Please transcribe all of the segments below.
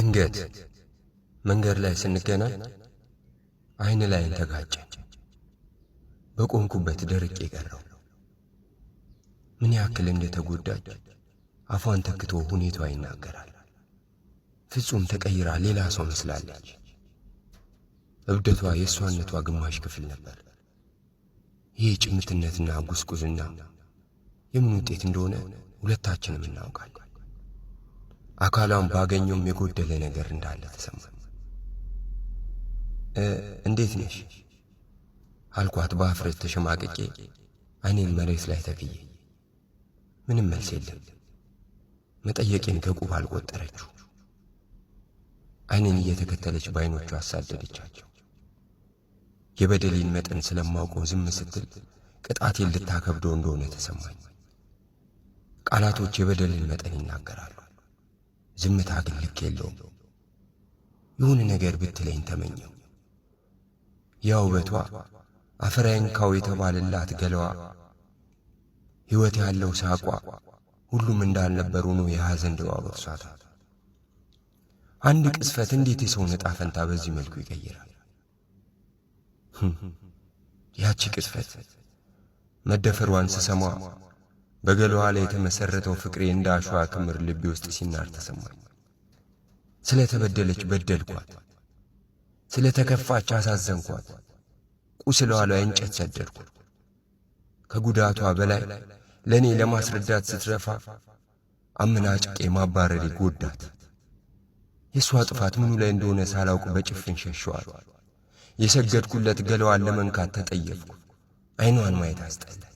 ድንገት መንገድ ላይ ስንገናኝ አይን ላይን ተጋጨን። በቆንኩበት ደርቄ ቀረው። ምን ያክል እንደተጎዳች አፏን ተክቶ ሁኔታዋ ይናገራል። ፍጹም ተቀይራ ሌላ ሰው መስላለች። እብደቷ የእሷነቷ ግማሽ ክፍል ነበር። ይህ ጭምትነትና ጉስቁዝና የምን ውጤት እንደሆነ ሁለታችንም እናውቃለን። አካሏን ባገኘውም የጎደለ ነገር እንዳለ ተሰማ። እንዴት ነሽ አልኳት በአፍረት ተሸማቅቄ አይኔን መሬት ላይ ተክዬ። ምንም መልስ የለም። መጠየቄን ከቁብ አልቆጠረችው። አይኔን እየተከተለች በአይኖቹ አሳደደቻቸው። የበደሌን መጠን ስለማውቀው ዝም ስትል ቅጣቴን ልታከብደው እንደሆነ ተሰማኝ። ቃላቶች የበደልን መጠን ይናገራሉ። ዝምታ ግን ልክ የለውም። ይሁን ነገር ብትለኝ ተመኘው። ያ ውበቷ አፍረንካው የተባለላት ገለዋ፣ ሕይወት ያለው ሳቋ ሁሉም እንዳልነበሩ ሆኖ የሐዘን ድባ ወርሷታል። አንድ ቅስፈት እንዴት የሰውን ዕጣ ፈንታ በዚህ መልኩ ይቀይራል? ያቺ ቅስፈት መደፈሯን ስሰማ በገለዋ ላይ የተመሠረተው ፍቅሬ እንደ አሸዋ ክምር ልቤ ውስጥ ሲናር ተሰማኝ። ስለ ተበደለች በደልኳት፣ ስለ ተከፋች አሳዘንኳት። ቁስለዋ ላይ እንጨት ሰደድኩ። ከጉዳቷ በላይ ለእኔ ለማስረዳት ስትረፋ አመናጭቄ ማባረሪ ጎዳት። የእሷ ጥፋት ምኑ ላይ እንደሆነ ሳላውቅ በጭፍን ሸሸዋል። የሰገድኩለት ገለዋን ለመንካት ተጠየፍኩ። ዐይኗን ማየት አስጠላኝ።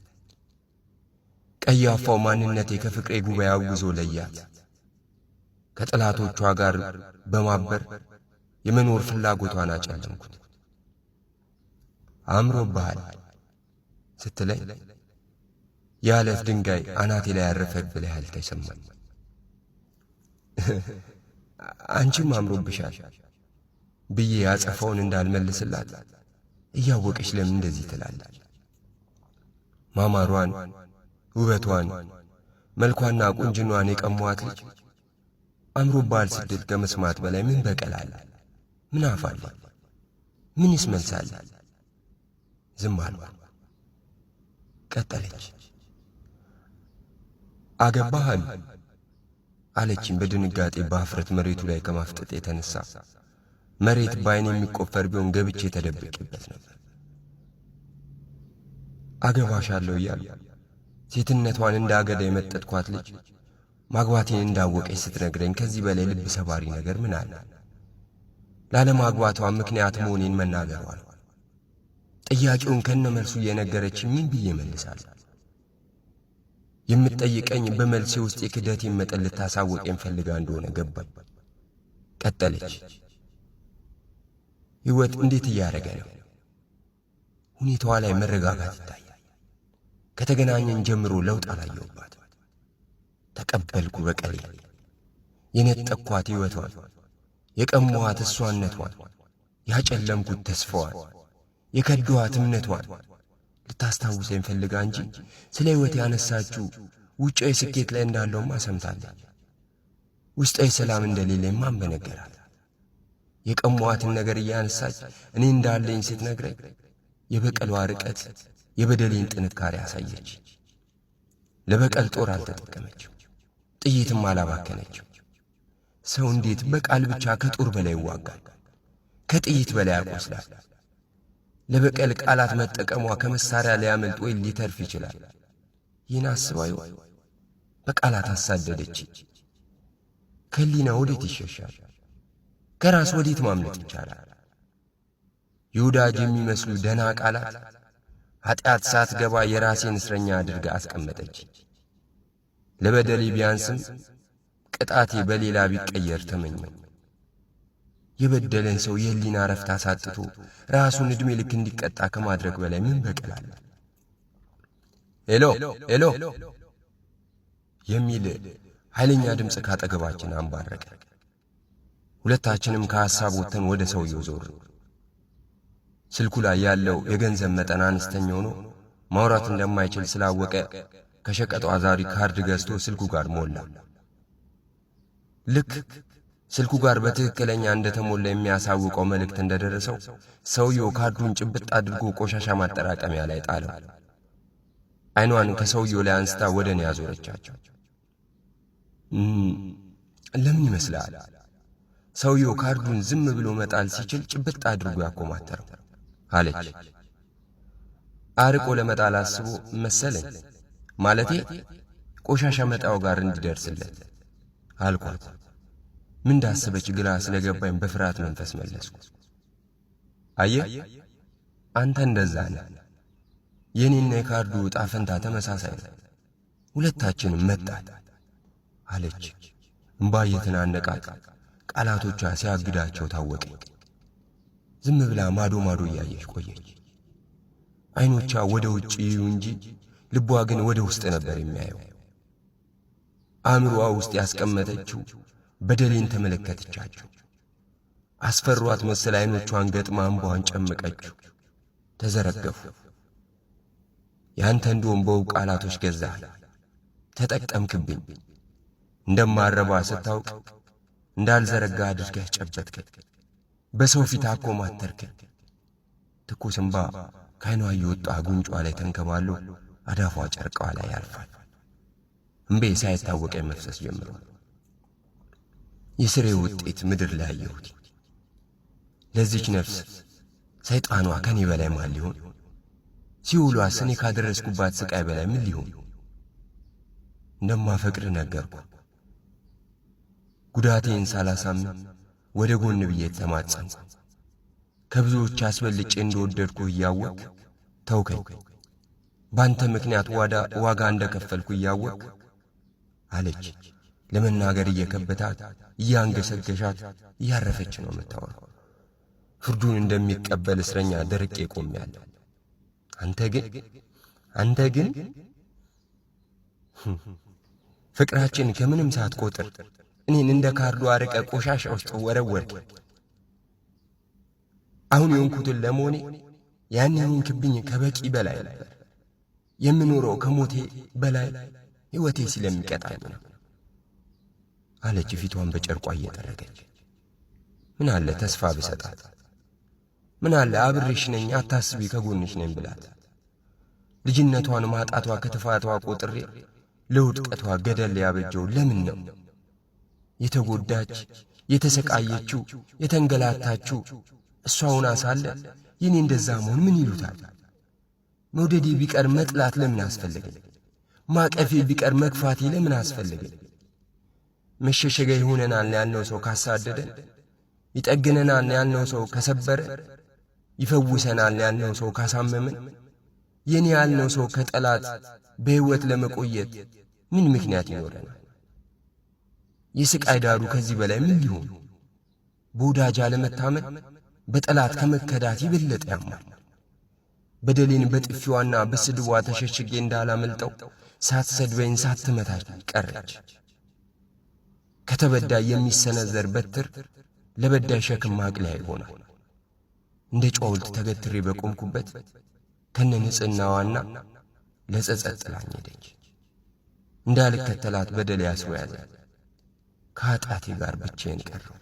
ቀያፋው ማንነቴ ከፍቅሬ ጉባኤ አውግዞ ለያት። ከጠላቶቿ ጋር በማበር የመኖር ፍላጎቷን አጨለምኩት። አምሮብሃል ስትለኝ የአለት ድንጋይ አናቴ ላይ ያረፈብህ ያህል ተሰማኝ። አንቺም አምሮብሻል ብዬ ያጸፋውን እንዳልመልስላት እያወቀች ለምን እንደዚህ ትላለች? ማማሯን ውበቷን መልኳና ቁንጅኗን የቀሟት ልጅ አምሮ ባል ስድት ከመስማት በላይ ምን በቀላል ምን አፋል ምን ይስመልሳል? ዝም አሉ። ቀጠለች። አገባሃል አለችኝ በድንጋጤ በአፍረት መሬቱ ላይ ከማፍጠጥ የተነሳ መሬት ባይን የሚቆፈር ቢሆን ገብቼ ተደብቄበት ነበር። አገባሻለሁ እያሉ ሴትነቷን እንዳገዳ የመጠጥኳት ልጅ ማግባቴን እንዳወቀች ስትነግረኝ ከዚህ በላይ ልብ ሰባሪ ነገር ምን አለ? ላለማግባቷ ምክንያት መሆኔን መናገሯ ነው። ጥያቄውን ከነ መልሱ እየነገረች ምን ብዬ መልሳል? የምትጠይቀኝ በመልሴ ውስጥ የክደቴን መጠን ልታሳወቀኝ ፈልጋ እንደሆነ ገባኝ። ቀጠለች። ሕይወት እንዴት እያደረገ ነው? ሁኔታዋ ላይ መረጋጋት ይታያል። ከተገናኘን ጀምሮ ለውጥ አላየሁባት። ተቀበልኩ በቀሌ የነጠቅኳት ሕይወቷን፣ የቀሟት እሷነቷን፣ ያጨለምኩት ተስፋዋን፣ የከድኋት እምነቷን ልታስታውሰኝ ፈልጋ እንጂ ስለ ሕይወት ያነሳችው ውጫዊ ስኬት ላይ እንዳለውም አሰምታለች። ውስጣዊ ሰላም እንደሌለኝ ማንበነገራት የቀሟዋትን ነገር እያነሳች እኔ እንዳለኝ ስትነግረኝ የበቀሏ ርቀት የበደሌን ጥንካሬ አሳየች። ለበቀል ጦር አልተጠቀመችው፣ ጥይትም አላባከነችው። ሰው እንዴት በቃል ብቻ ከጦር በላይ ይዋጋል፣ ከጥይት በላይ ያቆስላል። ለበቀል ቃላት መጠቀሟ ከመሳሪያ ሊያመልጥ ወይ ሊተርፍ ይችላል። ይህን አስባዩ በቃላት አሳደደች። ከሊና ወዴት ይሸሻል? ከራስ ወዴት ማምለጥ ይቻላል? የወዳጅ የሚመስሉ ደና ቃላት ኀጢአት ሳትገባ የራሴን እስረኛ አድርጋ አስቀመጠች። ለበደሌ ቢያንስም ቅጣቴ በሌላ ቢቀየር ተመኘው። የበደለን ሰው የህሊና ረፍት አሳጥቶ ራሱን ዕድሜ ልክ እንዲቀጣ ከማድረግ በላይ ምን በቀል አለ? ሄሎ ሄሎ የሚል ኃይለኛ ድምፅ ካጠገባችን አንባረቀ። ሁለታችንም ከሐሳብ ወጥተን ወደ ሰውየው ዞር ስልኩ ላይ ያለው የገንዘብ መጠን አነስተኛ ሆኖ ማውራት እንደማይችል ስላወቀ ከሸቀጡ አዛሪ ካርድ ገዝቶ ስልኩ ጋር ሞላ። ልክ ስልኩ ጋር በትክክለኛ እንደተሞላ የሚያሳውቀው መልእክት እንደደረሰው ሰውየው ካርዱን ጭብጥ አድርጎ ቆሻሻ ማጠራቀሚያ ላይ ጣለው። አይኗን ከሰውየው ላይ አንስታ ወደ እኔ ያዞረቻቸው። ለምን ይመስላል? ሰውየው ካርዱን ዝም ብሎ መጣል ሲችል ጭብጥ አድርጎ ያኮማተረው። አለች። አርቆ ለመጣል አስቦ መሰለኝ ማለቴ ቆሻሻ መጣው ጋር እንዲደርስለት አልኳት። ምን እንዳሰበች ግራ ስለገባኝ በፍርሃት መንፈስ መለስኩ። አየህ አንተ እንደዛ ነህ። የእኔና የካርዱ ዕጣ ፈንታ ተመሳሳይ ነው። ሁለታችንም መጣት አለች። እምባ የተናነቃት ቃላቶቿ ሲያግዳቸው ታወቀኝ። ዝም ብላ ማዶ ማዶ እያየች ቆየች። ዐይኖቿ ወደ ውጭ ይዩ እንጂ ልቧ ግን ወደ ውስጥ ነበር የሚያየው። አእምሮዋ ውስጥ ያስቀመጠችው በደሌን ተመለከተቻቸው። አስፈሯት መሰል አይኖቿን ገጥማ እንባዋን ጨምቀችው። ተዘረገፉ። ያንተ እንደውም በውብ ቃላቶች ገዛህ፣ ተጠቀምክብኝ። እንደማረባ ስታውቅ እንዳልዘረጋ አድርገህ ጨበጥክ። በሰው ፊት አኮማተርክን። ትኩስ እንባ ከዓይኗ እየወጣ ጉንጯ ላይ ተንከባሎ አዳፏ ጨርቋ ላይ ያልፋል። እምቤ ሳይታወቀ መፍሰስ ጀምሯል። የስሬ ውጤት ምድር ላይ አየሁት። ለዚች ነፍስ ሰይጣኗ ከኔ በላይ ማን ሊሆን? ሲውሏ ስኔ ካደረስኩባት ሥቃይ በላይ ምን ሊሆን? እንደማፈቅር ነገርኩ ጉዳቴን ሳላሳምን ወደ ጎን ብዬ ተማጸንኩ። ከብዙዎች አስበልጬ እንደወደድኩ እያወቅ ተውከኝ። ባንተ ምክንያት ዋጋ እንደከፈልኩ እያወቅ አለች። ለመናገር እየከበታት እያንገሰገሻት እያረፈች ነው የምታወራው። ፍርዱን እንደሚቀበል እስረኛ ደርቄ ቆሜያለሁ። አንተ ግን አንተ ግን ፍቅራችን ከምንም ሳትቆጥር እኔን እንደ ካርዶ አርቀ ቆሻሻ ውስጥ ወረወርክ። አሁን የሆንኩትን ለመሆኔ ያን የሆንክብኝ ከበቂ በላይ ነበር። የምኖረው ከሞቴ በላይ ሕይወቴ ስለሚቀጣኝ ነው አለች፣ ፊቷን በጨርቋ እየጠረገች። ምን አለ ተስፋ ብሰጣት? ምን አለ አብሬሽ ነኝ አታስቢ ከጎንሽ ነኝ ብላት። ልጅነቷን ማጣቷ ከትፋቷ ቆጥሬ ለውድቀቷ ገደል ያበጀው ለምን ነው? የተጎዳች የተሰቃየችው የተንገላታችው እሷ አሳለ ይኔ እንደዛ መሆን ምን ይሉታል? መውደዴ ቢቀር መጥላት ለምን አስፈለገኝ? ማቀፌ ቢቀር መግፋቴ ለምን አስፈለገኝ? መሸሸጊያ ይሆነናል ያልነው ሰው ካሳደደን፣ ይጠግነናል ያልነው ሰው ከሰበረ፣ ይፈውሰናል ያልነው ሰው ካሳመመን፣ የኔ ያልነው ሰው ከጠላት በሕይወት ለመቆየት ምን ምክንያት ይኖረናል? የሥቃይ ዳሩ ከዚህ በላይ ምን ሊሆን? በወዳጅ አለመታመን በጠላት ከመከዳት የበለጠ ያማል። በደሌን በጥፊዋና በስድቧ ተሸሽጌ እንዳላመልጠው ሳትሰድበኝ ሳትመታች ቀረች። ከተበዳይ የሚሰነዘር በትር ለበዳይ ሸክም ማቅለያ ይሆናል። እንደ ጨውልት ተገትሬ በቆምኩበት ከነ ንጽሕናዋና ለጸጸት ጥላኝ ሄደች። እንዳልከተላት በደል ያስወያዛል። ከኃጢአቴ ጋር ብቻዬን ቀረው።